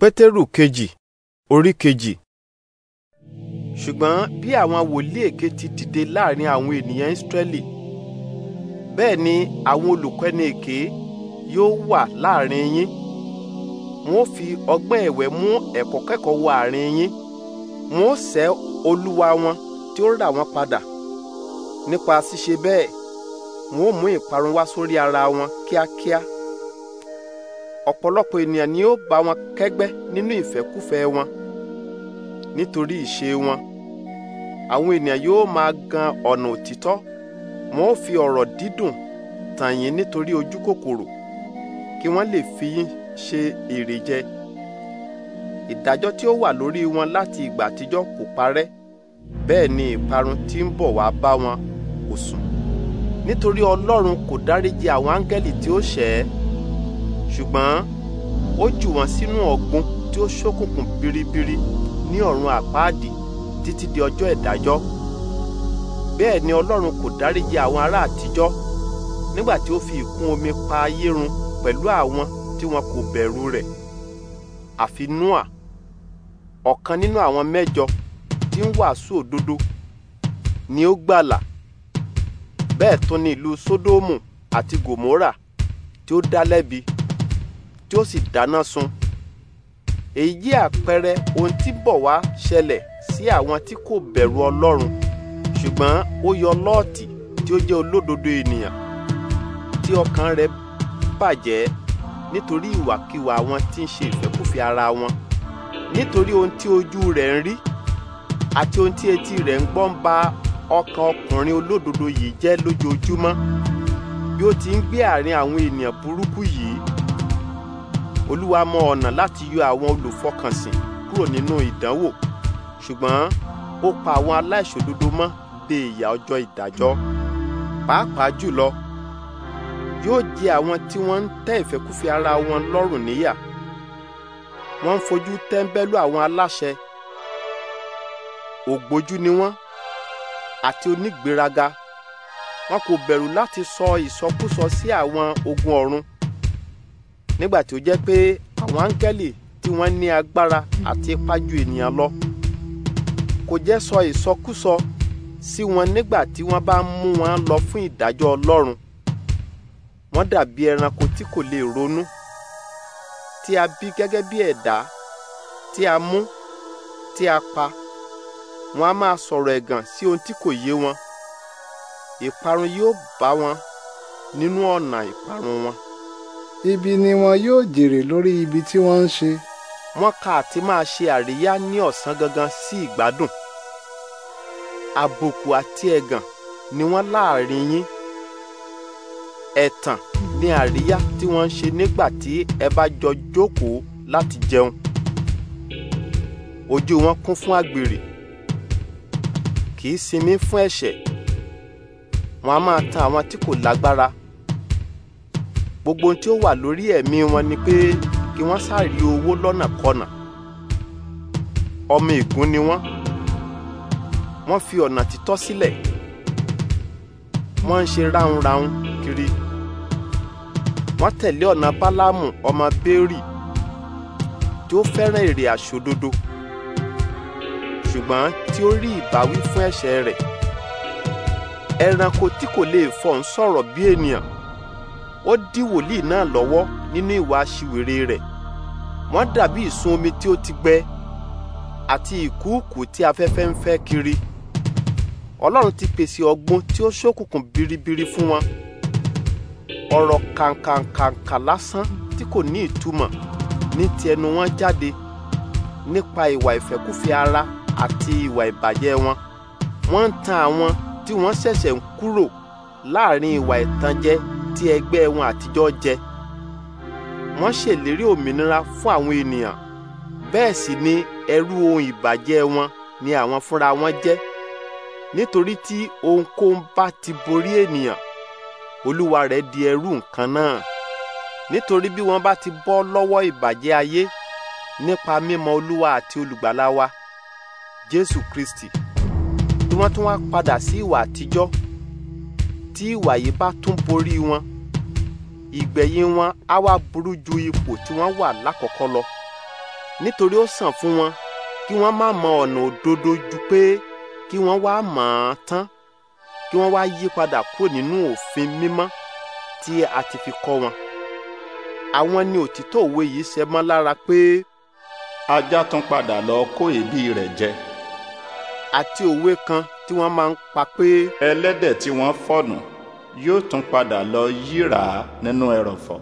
pétérù kejì orí kejì. ṣùgbọ́n bí àwọn wòlíì èké ti dìde láàrin àwọn ènìyàn ìsírẹ́lì bẹ́ẹ̀ ni àwọn olùkọ́ni èké yóò wà láàrin yín wọ́n fi ọgbọ́n ẹ̀wẹ́ mú ẹ̀kọ́ kẹ́kọ̀ọ́ wọ àárín yín wọ́n sẹ́ olúwa wọn tí ó rà wọ́n padà nípa ṣíṣe bẹ́ẹ̀ wọ́n mú ìparun wá sórí ara wọn kíákíá. Kíá. kíá ọ̀pọ̀lọpọ̀ ènìyàn ni ó bá wọn kẹ́gbẹ́ nínú ìfẹ́kúfẹ́ wọn nítorí ìṣe wọn àwọn ènìyàn yóò máa gan ọ̀nà òtítọ́ wọn ó fi ọ̀rọ̀ dídùn tàn yín nítorí ojú kòkòrò kí wọ́n lè fi yín ṣe èrè jẹ ìdájọ́ tí ó wà lórí wọn láti ìgbà àtijọ́ kò parẹ́ bẹ́ẹ̀ ni ìparun tí ń bọ̀ wá bá wọn kò sùn nítorí Ọlọ́run kò dáríji àwọn áńgẹ́lì tí ó ṣẹ̀ ṣùgbọ́n ó jù wọ́n sínú ọ̀gbun tí ó ṣókùnkùn biribiri ní ọ̀run àpáàdì títí di ọjọ́ ìdájọ́ bẹ́ẹ̀ ni ọlọ́run kò dáríjì àwọn ará àtijọ́ nígbà tí ó fi ìkún omi pa ayé run pẹ̀lú àwọn tí wọn kò bẹ̀rù rẹ̀ àfi noa ọ̀kan nínú àwọn mẹ́jọ tí ń wàásù òdodo ni ó gbàlà bẹ́ẹ̀ tún ni ìlú sódómù àti gòmórà tí ó dá lẹ́bi tí ó sì dáná sun èyí jẹ́ àpẹẹrẹ ohun tí bọ̀ wá ṣẹlẹ̀ sí àwọn tí kò bẹ̀rù ọlọ́run ṣùgbọ́n ó yọ lọ́ọ̀tì tí ó jẹ́ olódodo ènìyàn tí ọkàn rẹ̀ bàjẹ́ nítorí ìwàkiwà àwọn tí ń ṣe ìfẹ́kùfẹ́ ara wọn nítorí ohun tí ojú rẹ̀ ń rí àti ohun tí etí rẹ̀ ń gbọ́ ba ọkàn ọkùnrin olódodo yìí jẹ́ lójoojúmọ́ bí ó ti ń gbé àárín àwọn ènìyàn burúkú yìí olúwa mọ ọ̀nà láti yọ àwọn olùfọkànsìn kúrò nínú ìdánwò ṣùgbọ́n ó pa àwọn aláìṣòdodo mọ́ de ìyà ọjọ́ ìdájọ́ pàápàá jùlọ yóò jẹ àwọn tí wọ́n ń tẹ́ ìfẹ́kúfẹ̀ẹ́ ara wọn lọ́rùn níyà wọ́n ń fojú tẹ́ńbẹ́lú àwọn aláṣẹ ògbójú ni wọ́n àti onígbéraga wọn kò bẹ̀rù láti sọ ìsọkúsọ sí àwọn ogun ọ̀run nígbà tí ó jẹ́ pé àwọn áńgẹ́lì tí wọ́n ní agbára àti ipá ju ènìyàn lọ kò jẹ́ sọ ìsọkúsọ sí wọn nígbà tí wọ́n bá mú wọn lọ fún ìdájọ́ Ọlọ́run wọ́n dàbí ẹranko tí kò lè ronú tí a bí gẹ́gẹ́ bí ẹ̀dá tí a mú tí a pa wọn a máa sọ̀rọ̀ ẹ̀gàn sí ohun tí kò yé wọn ìparun yóò bá wọn nínú ọ̀nà ìparun wọn ibi ni wọn yóò jèrè lórí ibi tí wọ́n ń ṣe. wọ́n kà àti máa ṣe àríyá ní ọ̀sán gangan sí ìgbádùn. àbùkù àti ẹ̀gàn ni wọ́n láàrin yín. ẹ̀tàn ni àríyá tí wọ́n ń ṣe nígbà tí ẹ bá jọ jókòó láti jẹun. ojú wọn kún fún àgbèrè kì í sinmi fún ẹ̀ṣẹ̀ wọn a máa tan àwọn tí kò lágbára gbogbo ohun tí ó wà lórí ẹ̀mí wọn ni pé kí wọ́n sáré owó lọ́nàkọnà ọmọ ègún ni wọ́n wọ́n fi ọ̀nà títọ́ sílẹ̀ wọ́n ń ṣe ráhùnráhùn kiri wọ́n tẹ̀lé ọ̀nà bálámù ọmọ bẹ́ẹ̀rì tí ó fẹ́ràn èrè àṣòdodo ṣùgbọ́n tí ó rí ìbáwí fún ẹ̀ṣẹ̀ rẹ̀ ẹranko tí kò lè fọ̀ ń sọ̀rọ̀ bí ènìyàn ó dí wòlíì náà lọ́wọ́ nínú ìwà aṣiwèrè rẹ̀ wọ́n dàbí ìsun omi tí ó ti gbẹ àti ìkúùkù tí afẹ́fẹ́ ń fẹ́ kiri ọlọ́run ti pèsè ọgbọ́n tí ó ṣókùnkùn biribiri fún wọn ọ̀rọ̀ kàǹkàǹkàǹkà lásán tí kò ní ìtumọ̀ ní ti ẹnu wọn jáde nípa ìwà ìfẹ́kúfẹ̀ẹ́ ara àti ìwà ìbàjẹ́ wọn wọ́n ń tan àwọn tí wọ́n ṣẹ̀ṣẹ̀ ń kúrò láàrin ìwà ìtànjẹ tí ẹgbẹ́ wọn àtijọ́ jẹ wọ́n ṣèlérí òmìnira fún àwọn ènìyàn bẹ́ẹ̀ sì ni ẹrú ohun ìbàjẹ́ wọn ni àwọn fúnra wọn jẹ́ nítorí tí ohunkóhun bá ti borí ènìyàn olúwa rẹ̀ di ẹrú nǹkan náà nítorí bí wọ́n bá ti bọ́ lọ́wọ́ ìbàjẹ́ ayé nípa mímọ̀ olúwa àti olùgbàlà wa jésù kristi tí wọ́n tún wá padà sí ìwà àtijọ́ tí ìwà yìí bá tún borí wọn ìgbẹ̀yìn wọn á wá burú ju ipò tí wọ́n wà lákọ̀ọ́kọ́ lọ nítorí ó sàn fún wọn kí wọ́n má mọ ọ̀nà òdodo ju pé kí wọ́n wá mọ̀ ọ́n tán kí wọ́n wá yí padà kúrò nínú òfin mímọ́ tí a ti fi kọ́ wọn. àwọn ni òtítọ́ òwe yìí ṣe mọ́ lára pé. ajá tún padà lọ kó èébì rẹ̀ jẹ àti òwe kan tí wọ́n máa ń pa pé. ẹlẹ́dẹ̀ tí wọ́n fọ̀nù yóò tún padà lọ yíra nínú ẹrọ̀fọ̀.